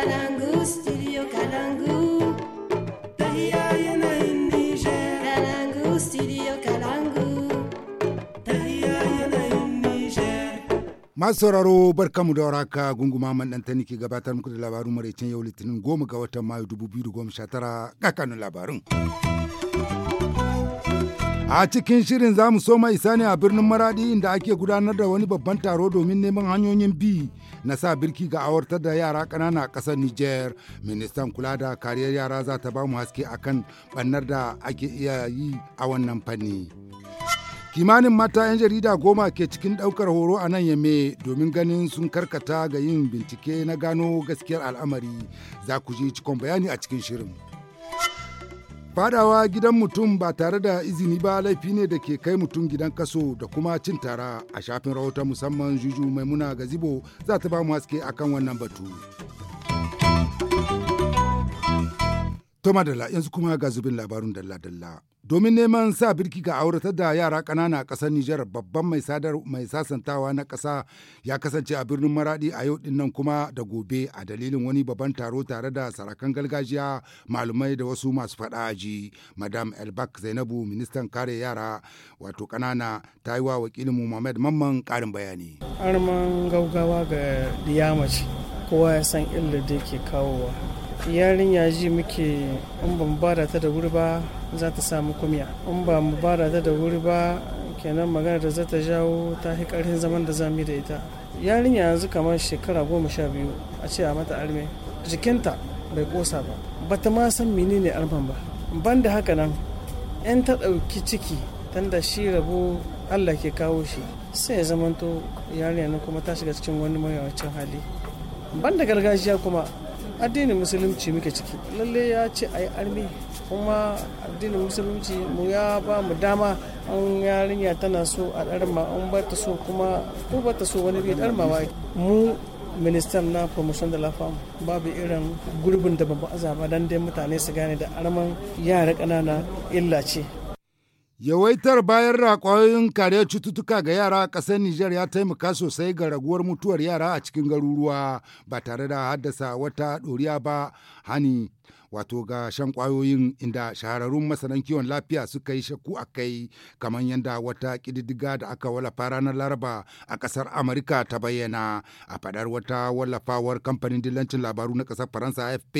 Kalangu, studio Kalangu. Masu sauraro barkamu da waraka gunguma man ɗantani ke gabatar muku da labarun maraicin yau litinin goma ga watan Mayu 2019 kakanin labarin. A cikin shirin za mu ma isa ne a birnin Maradi inda ake gudanar da wani babban taro domin neman hanyoyin bi na sa birki ga awartar da yara ƙanana a ƙasar Nijar. Ministan kula da kariyar yara za ta ba mu haske a kan ɓannar da ake iya yi a wannan fanni. kimanin mata 'yan jarida goma ke cikin ɗaukar horo a nan yame domin ganin sun karkata ga yin bincike na gano gaskiyar al'amari za ku ji cikon bayani a cikin shirin. fadawa gidan mutum ba tare da izini ba laifi ne da ke kai mutum gidan kaso da kuma cin tara a shafin rahoton musamman juju maimuna gazibo za ta ba mu haske akan wannan batu toma da yanzu kuma ga zubin labarun dalla-dalla domin neman sa birki ga auratar da yara kanana a kasar Nijar babban mai sadar mai sasantawa na kasa ya kasance a birnin Maradi a yau din nan kuma da gobe a dalilin wani babban taro tare da sarakan gargajiya malumai da wasu masu faɗa ji Madam Elbak Zainabu ministan kare yara wato ƙanana ta yi wa wakilin mu Muhammad Mamman karin bayani. Arman gaugawa ga diyamaci kowa ya san illa da ke kawowa Yarinya ji muke in ba mu bada ta da wuri ba za ta samu kumya in ba mu bada ta da wuri ba kenan magana da za ta jawo ta fi karfin zaman da zami da ita yarinya yanzu kamar shekara goma sha biyu a ce a mata arme jikinta bai kosa ba bata ma san menene arman ba ban da haka nan yan ta ɗauki ciki tanda shi rabu allah ke kawo shi sai ya zamanto yarinya nan kuma ta shiga cikin wani mawuyacin hali ban da gargajiya kuma addinin musulunci muke ciki lalle ya ce ayi armi kuma addinin musulunci mu ya ba mu dama an yarinya tana so a darma an ba ta so kuma ko ba ta so wani bai ba mu ministan na promotion da lafam babu irin gurbin da babu azaba don dai mutane su gane da arman yara ƙanana illa ce Yawaitar bayan raƙwayoyin kariyar cututtuka ga yara a ƙasar Nijar ya taimaka sosai ga raguwar mutuwar yara a cikin garuruwa ba tare da haddasa wata ɗoriya ba hani. wato ga shan kwayoyin inda shahararrun masanan kiwon lafiya suka yi shakku a kai kamar yadda wata kididdiga da aka wallafa ranar laraba a kasar amurka ta bayyana a faɗar wata wallafawar kamfanin dillancin labaru na kasar faransa afp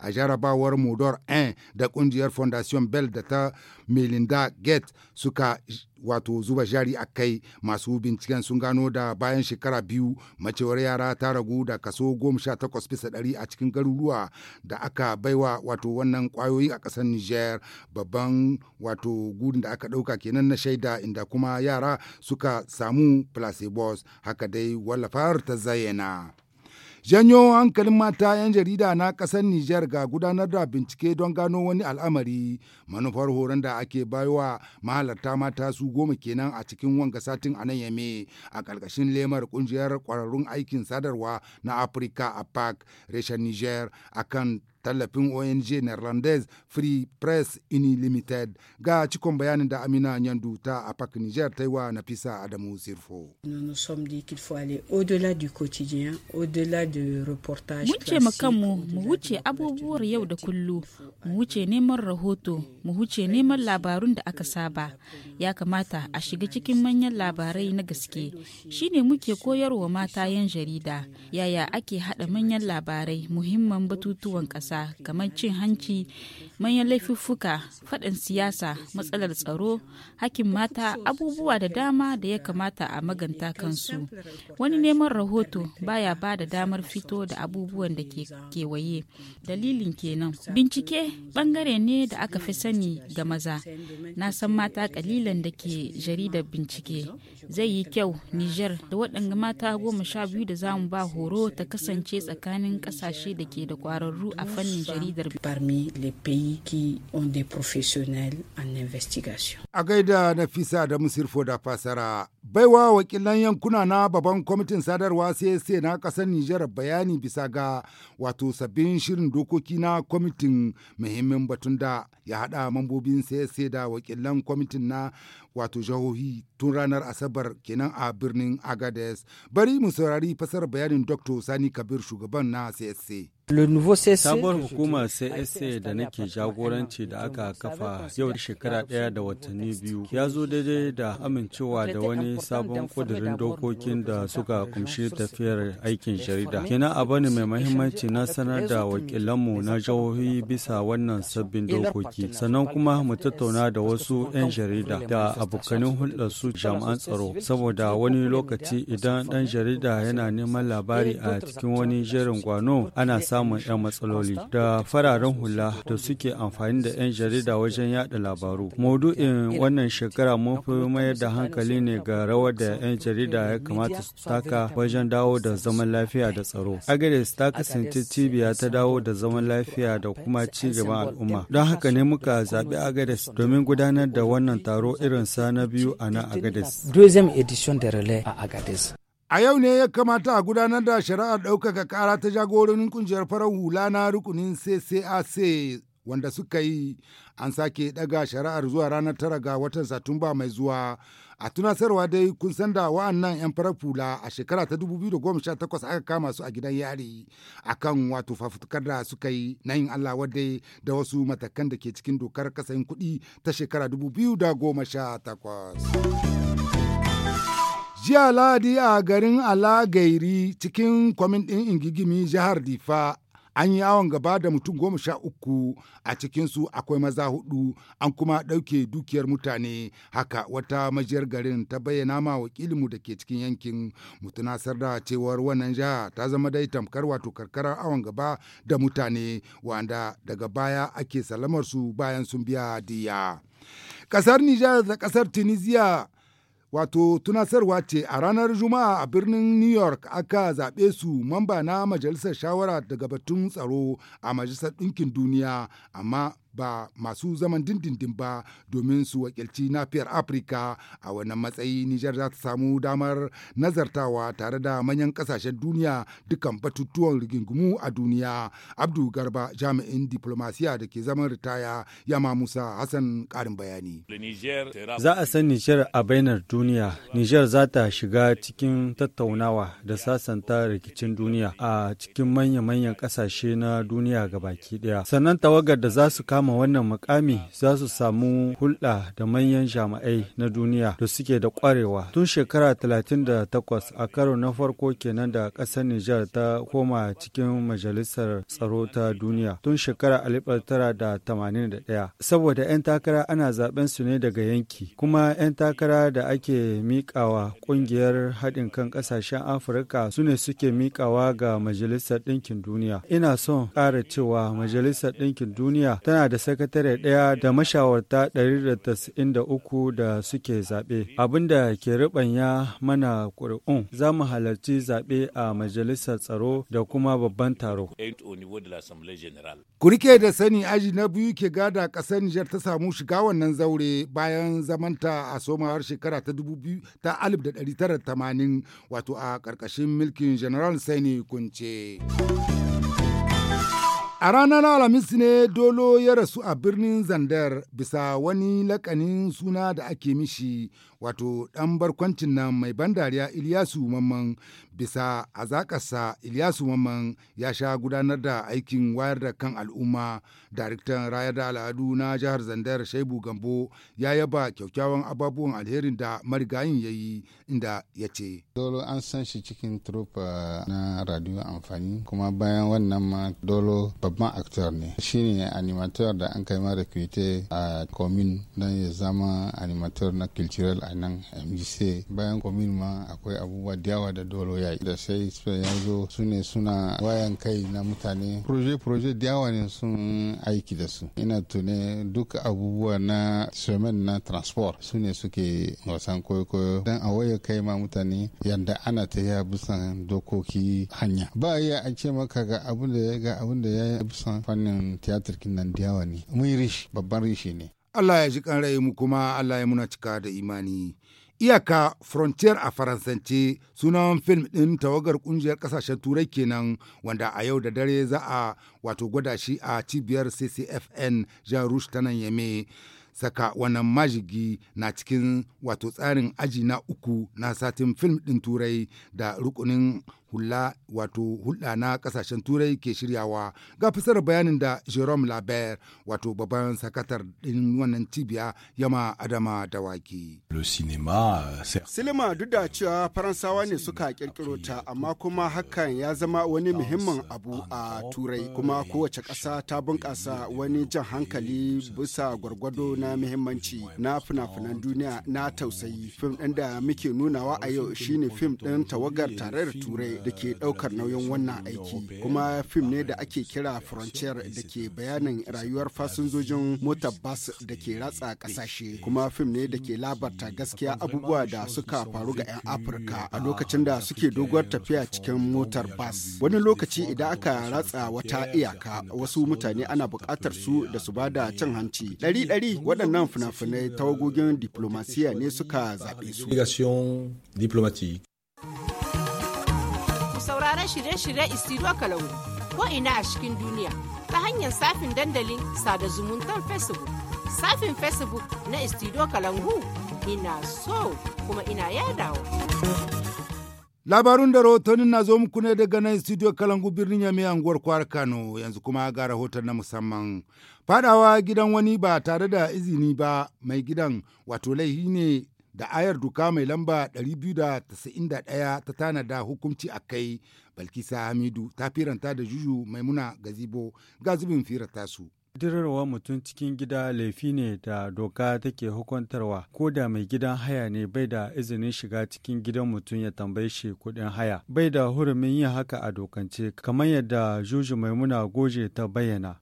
a jarabawar modor 1 da ƙungiyar fondation bell da ta melinda gate suka wato zuba jari a kai masu binciken sun gano da bayan shekara biyu macewar yara ta ragu da kaso goma sha takwas bisa ɗari a cikin garuruwa da aka baiwa raba wato wannan kwayoyi a ƙasar niger babban wato gudun da aka ɗauka kenan na shaida inda kuma yara suka samu placebos haka dai wallafar ta zayyana. janyo hankalin mata 'yan jarida na ƙasar niger ga gudanar da bincike don gano wani al'amari manufar horon da ake wa mahalarta mata su goma kenan a cikin wanga satin a nan yame a ƙarƙashin lemar ƙungiyar ƙwararrun aikin sadarwa na afirka a park reshen niger akan tallafin ONG Netherlands Free Press limited ga cikon bayanin da Amina Nyandu ta a Park Niger ta yi wa Nafisa Adamu Sirfo. Mun ce mu wuce abubuwar yau da kullu, mu wuce neman rahoto, mu wuce neman labarun da aka saba. Ya kamata a shiga cikin manyan labarai na gaske. Shi ne muke koyarwa mata yan jarida, yaya ake haɗa manyan labarai muhimman batutuwan ƙasa. siyasa kamar cin hanci manyan laifuffuka faɗin siyasa matsalar tsaro hakin mata abubuwa da dama da ya kamata a maganta kansu wani neman rahoto baya ba da damar fito da abubuwan da ke kewaye dalilin kenan bincike ɓangare ne da aka fi sani ga maza na san mata kalilan da ke jaridar bincike zai yi kyau niger da waɗanda mata goma sha biyu da zamu ba horo ta kasance tsakanin ƙasashe da ke da ƙwararru a fannin jaridar parmi les pays qui ont des professionnels en investigation a gaida nafisa da musirfo da fasara baiwa wakilan yankuna na babban kwamitin sadarwa cac na kasar Nijar bayani bisa ga wato sabbin shirin dokoki na kwamitin muhimmin batun da ya hada mambobin cac da wakilan kwamitin na wato jihohi tun ranar asabar kenan a birnin Agades bari mu saurari fasar bayanin Dr. Sani Kabir shugaban na cac Sabuwar hukumar CSA da nake jagoranci da aka kafa yau shekara ɗaya da watanni biyu ya zo daidai da amincewa da wani sabon kudirin dokokin da suka kumshi tafiyar aikin jarida. Kina a bani mai mahimmanci na sanar da wakilanmu na jihohi bisa wannan sabbin dokoki. Sannan kuma mu tattauna da wasu 'yan jarida da abokanin hulɗar su jami'an tsaro saboda wani lokaci idan ɗan jarida yana neman labari a cikin wani jerin gwano ana samun samun 'yan matsaloli da fararen hula da suke amfani da 'yan jarida wajen yada labaru. Maudu'in wannan shekara mun fi mayar da hankali ne ga rawar da 'yan jarida ya kamata su taka wajen dawo da zaman lafiya da tsaro. Agades ta kasance cibiya ta dawo da zaman lafiya da kuma ci gaban al'umma. Don haka ne muka zaɓi Agades domin gudanar da wannan taro irin sa na biyu a na Agades. Deuxième édition de relais à agades A yau ne ya kamata a gudanar da shari'ar ɗaukaka ƙara ta jagororin kungiyar farar hula na rukunin CCAC wanda suka yi an sake ɗaga shari'ar zuwa ranar tara ga watan Satumba mai zuwa. A tunasarwa dai kun san da wa'annan 'yan farar hula a shekara ta 2018 aka kama su a gidan yari akan wato fafutukar da suka yi na yin Allah wadai da wasu matakan da ke cikin dokar kasayin kuɗi ta shekara 2018. Jiya Ladi a garin Alagairi cikin kwamin ɗin Ingigimi jihar Difa an yi awon gaba da mutum goma sha uku a cikinsu akwai maza hudu an kuma ɗauke dukiyar mutane haka wata majiyar garin ta bayyana ma wakilinmu da ke cikin yankin mutunasar da cewar wannan jiha ta zama dai tamkar wato karkarar awon gaba da mutane wanda daga baya ake salamarsu bayan sun biya diya. Kasar Nijar da ƙasar Tunisia wato tunasarwa ce a ranar juma'a a birnin new york aka zaɓe su mamba na majalisar shawara daga batun tsaro a majalisar ɗinkin duniya amma ba masu zaman dindindin ba domin su wakilci nafiyar afirka a wannan matsayi nijar za ta samu damar nazartawa tare da manyan kasashen duniya dukkan batutuwan rigingimu a duniya abdu garba jami'in diplomasiya da ke zaman ritaya ya ma musa hassan karin bayani za a san nijar a bainar duniya nijar za ta shiga cikin tattaunawa da sasanta rikicin duniya a cikin manya-manyan kasashe na duniya ga baki daya sannan tawagar da za su kama kama wannan mukami za su samu hulɗa da manyan jami'ai na duniya da suke da ƙwarewa. Tun shekara 38 a karo na farko kenan da ƙasar Nijar ta koma cikin Majalisar Tsaro ta Duniya tun shekara 1981. Saboda 'yan takara ana zaben su ne daga yanki, kuma 'yan takara da ake miƙawa ƙungiyar haɗin kan ƙasashen Afirka su ne suke miƙawa ga Majalisar Ɗinkin Duniya. Ina son ƙara cewa Majalisar Ɗinkin Duniya tana da sakatare ɗaya da mashawarta 193 da suke zaɓe. Abin da ke ribanya mana ƙuri'un za mu halarci zaɓe a majalisar tsaro da kuma babban taro. Kurike da sani aji na biyu ke gada ƙasar Nijar ta samu shiga wannan zaure bayan zamanta a somawar shekara ta 2000 ta 1980 wato a ƙarƙashin mulkin General Sani Kunce. A ranar Alhamis ne Dolo ya rasu a birnin Zandar bisa wani lakanin suna da ake mishi wato ɗan barkwancin nan mai ban dariya iliyasu Mamman bisa a azakarsa iliyasu Mamman ya sha gudanar da aikin wayar da kan al'umma daraktan rayar da al'adu na jihar Zandar Shaibu Gambo ya yaba kyaukyawan ababuwan alherin da marigayin ya yi inda ya ce. Dolo an san shi cikin trupa uh, na radio amfani kuma bayan wannan ma Dolo babban aktor ne shi ne animator da an kai mara kwete a komin don ya zama animator na cultural a nan mgc bayan komin ma akwai abubuwa da yawa da dolo ya da sai spain ya zo su ne suna wayan kai na mutane proje proje da yawa ne sun aiki da su ina tune duk abubuwa na semen na transport su ne suke wasan koyo-koyo don a waya kai ma mutane yadda ana ta ya busan. dokoki hanya ba iya a ce maka ga abin da ya ga abin da ya bisan fannin tiyatar kinan da yawa ne mun rishi babban rishi ne Allah ya ji mu kuma Allah ya muna cika da imani. iyaka frontier a Faransanci sunan film ɗin tawagar ƙungiyar ƙasashen turai kenan wanda a yau da dare za a wato gwada shi a cibiyar ccfn jean rouge ta nan yame saka wannan majigi na cikin wato tsarin aji na uku na satin film ɗin turai da rukunin hula wato hulɗa na ƙasashen turai ke shiryawa ga fasar bayanin da jerome laber wato babban sakatar ɗin wannan cibiya yama adama dawaki. Euh, silima duk da cewa faransawa ne suka kirkiro ta amma kuma hakan ya zama wani muhimmin abu a turai kuma kowace ƙasa ta bunƙasa wani jan hankali bisa gwargwado na muhimmanci na fina-finan duniya na tausayi fim ɗin da muke nunawa a yau shine fim ɗin tawagar tarayyar turai da ke ɗaukar nauyin wannan aiki kuma fim ne da ake kira frontier da ke bayanin rayuwar fasinjojin motar bas da ke ratsa ƙasashe kuma fim ne da ke labarta gaskiya abubuwa da suka faru ga 'yan afirka a lokacin da suke doguwar tafiya cikin motar bas wani lokaci idan aka ratsa wata iyaka wasu mutane ana buƙatar su da su bada cin hanci ɗari ɗari waɗannan fina-finai tawagogin diplomasiya ne suka zaɓe su sauraron shirye-shirye Isiro Kalangu ko ina a cikin duniya ta hanyar safin dandalin sada zumuntar Facebook. Safin Facebook na Isiro Kalangu ina so kuma ina yadawa. Labarun da rahotannin na zo muku ne daga nan studio Kalangu birnin Yami anguwar kwar Kano yanzu kuma ga rahoton na musamman. Fadawa gidan wani ba tare da izini ba mai gidan wato laihi ne da ayar duka mai lamba 291 ta tanada hukunci a kai balkisa hamidu ta firanta da juju maimuna gazibo ga zubin firata su. Dirarwa mutum cikin gida laifi ne da doka take hukuntarwa ko da mai gidan haya ne bai da izinin shiga cikin gidan mutum ya tambaye shi kuɗin haya. Bai da hurumin yin haka a dokance kamar yadda Juju Maimuna Goje ta bayyana.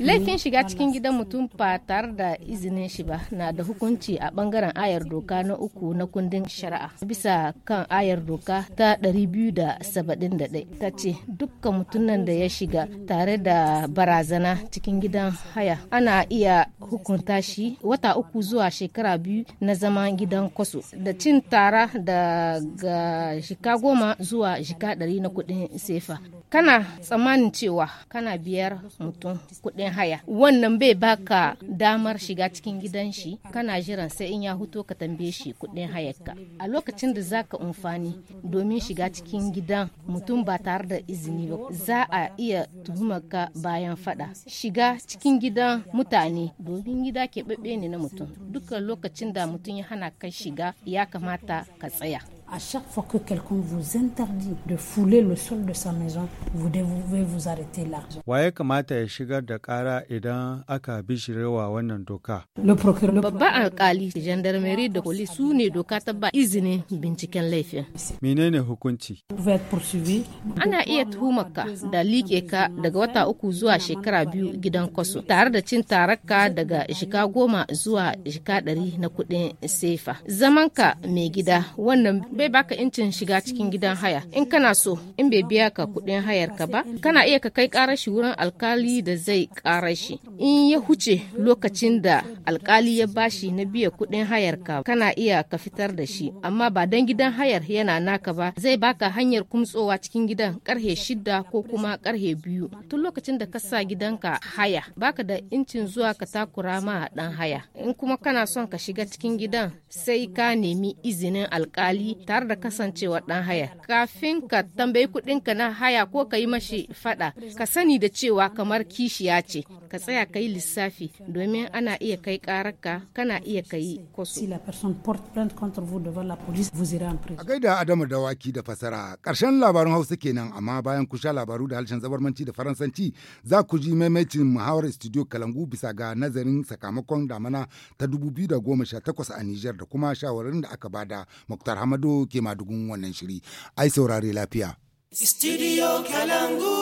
Laifin shiga cikin gidan mutum ba tare da izinin shi ba na da hukunci a bangaren ayar doka na uku na kundin shari'a bisa kan ayar doka ta 271 ta ce dukkan mutumin da ya shiga tare da bara barazana cikin gidan haya ana iya hukunta shi wata uku zuwa shekara biyu na zama gidan kwaso da cin tara daga shika goma zuwa shika ɗari na kuɗin sefa kana tsammanin cewa kana biyar mutum kuɗin haya wannan bai baka damar shiga cikin gidan shi kana jiran sai in ya huto ka tambaye shi kuɗin hayarka a lokacin da za ka amfani domin shiga cikin gidan mutum ba tare da izini ba za a iya tuhumar ka bayan fa faɗa shiga cikin gidan mutane domin gida keɓaɓɓe ne na mutum dukkan lokacin da mutum ya hana ka shiga ya kamata ka tsaya À chaque fois que quelqu'un vous interdit de fouler le sol de sa maison, vous devez vous arrêter Waye kamata ya shigar da kara idan aka bishirewa wannan doka? Le Babban alkali, gendarmerie da police su ne doka ta ba izinin binciken laifin. Menene hukunci? Ana iya ka da liƙe ka daga wata uku zuwa shekara biyu gidan kwaso tare da cin taraka daga shika goma zuwa shika ɗari na kuɗin sefa. Zamanka mai gida wannan bai baka incin shiga cikin gidan haya in kana so in bai biya ka kuɗin hayar ka ba kana iya ka kai karar shi wurin alkali da zai karar shi in ya huce lokacin da alkali ya bashi na biya kuɗin hayar ka kana iya ka fitar da shi amma ba dan gidan hayar yana naka ba zai baka hanyar kumtsowa cikin gidan karhe shida ko kuma karhe biyu tun lokacin da ka sa gidan ka haya baka da incin zuwa ka takura ma dan haya in kuma kana son ka shiga cikin gidan sai ka nemi izinin alkali tare da kasancewar dan haya kafin ka tambayi kuɗinka na haya ko ka yi mashi fada ka sani da cewa kamar kishiya ce ka tsaya kai lissafi domin ana iya kai kararka kana iya kai kwaso. A gaida Adamu Dawaki da fasara ƙarshen labarin Hausa kenan amma bayan ku sha labaru da harshen zabarmanci da Faransanci za ku ji maimacin muhawar studio Kalangu bisa ga nazarin sakamakon damana ta 2018 a Nijar da kuma shawarin da aka bada Muktar Hamadu ke madugun wannan shiri. Ai saurare lafiya. Studio Kalangu.